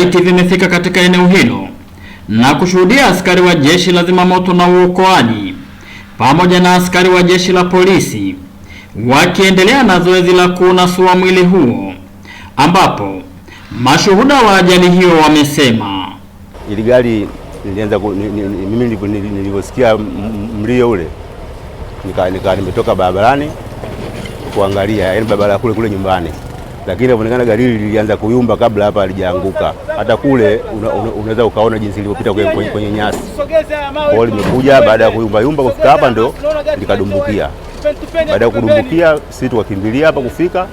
maiti vimefika katika eneo hilo na kushuhudia askari wa jeshi la zimamoto na uokoaji pamoja na askari wa jeshi la polisi wakiendelea na zoezi la kuunasua mwili huo, ambapo mashuhuda wa ajali hiyo wamesema ili gari nilianza mimi nilivyosikia mlio ule nika nimetoka barabarani kuangalia, yaani barabara kule kule nyumbani lakini inaonekana gari hili lilianza kuyumba kabla hapa halijaanguka. Hata kule unaweza ukaona jinsi ilivyopita kwenye, kwenye nyasi kwao, limekuja baada ya kuyumbayumba kufika hapa ndo likadumbukia. Baada ya kudumbukia, sisi tukakimbilia hapa, kufika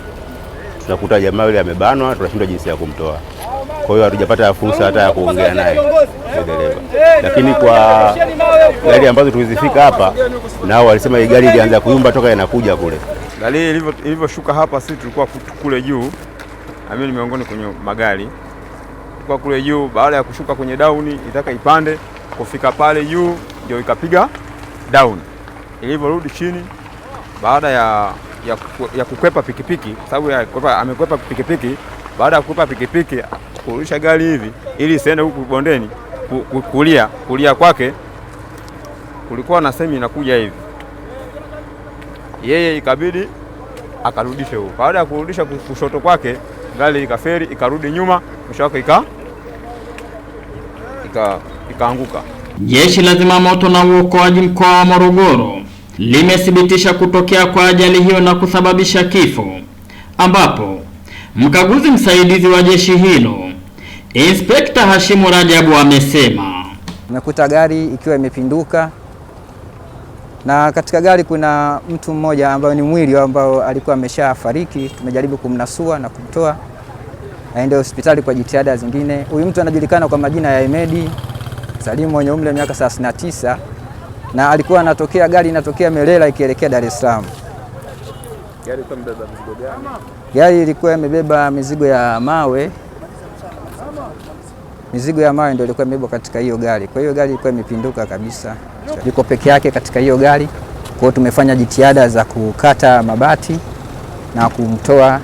tunakuta jamaa yule amebanwa, tunashindwa jinsi ya kumtoa. Kwa hiyo hatujapata fursa hata ya kuongea naye dereva, lakini kwa gari ambazo tulizifika hapa, nao walisema hii gari ilianza kuyumba toka inakuja kule Rally yaani ilivyoshuka hapa, sisi tulikuwa kule juu, mimi ni miongoni kwenye magari, kwa kule juu. Baada ya kushuka kwenye down, itaka ipande kufika pale juu, ndio ikapiga down. Ilivyorudi chini, baada ya, ya, ya kukwepa pikipiki, sababu amekwepa pikipiki. Baada ya kukwepa pikipiki, kurudisha gari hivi ili isiende huku bondeni, kulia kulia kwake kulikuwa na sehemu inakuja hivi yeye ikabidi akarudishe huko. Baada ya kurudisha kushoto kwake, gari ikaferi ikarudi nyuma, mwisho wake ika ikaanguka. Jeshi la Zimamoto na Uokoaji mkoa wa Morogoro limethibitisha kutokea kwa ajali hiyo na kusababisha kifo, ambapo mkaguzi msaidizi wa jeshi hilo Inspekta Hashimu Rajabu amesema amekuta gari ikiwa imepinduka na katika gari kuna mtu mmoja ambaye ni mwili ambao alikuwa ameshafariki. Tumejaribu kumnasua na kumtoa aende hospitali kwa jitihada zingine. Huyu mtu anajulikana kwa majina ya emedi Salimu mwenye umri wa miaka 39 na alikuwa anatokea gari inatokea Melela ikielekea Dar es Salaam. Gari ilikuwa imebeba mizigo ya mawe mizigo ya mawe ndio ilikuwa imebebwa katika hiyo gari. Kwa hiyo gari ilikuwa imepinduka kabisa, yuko peke yake katika hiyo gari. Kwa hiyo tumefanya jitihada za kukata mabati na kumtoa,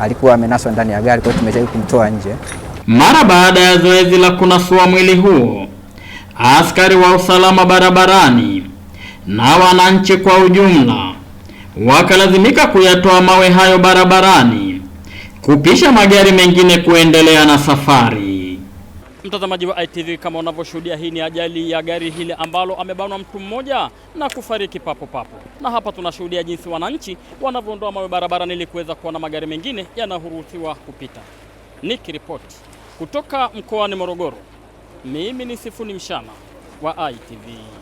alikuwa amenaswa ndani ya gari, kwa hiyo tumejaribu kumtoa nje. Mara baada ya zoezi la kunasua mwili huo, askari wa usalama barabarani na wananchi kwa ujumla wakalazimika kuyatoa mawe hayo barabarani kupisha magari mengine kuendelea na safari. Mtazamaji wa ITV, kama unavyoshuhudia, hii ni ajali ya gari hili ambalo amebanwa mtu mmoja na kufariki papo papo, na hapa tunashuhudia jinsi wananchi wanavyoondoa mawe barabarani ili kuweza kuona magari mengine yanaruhusiwa kupita. Nikiripoti kutoka mkoani Morogoro, mimi ni Sifuni Mshana wa ITV.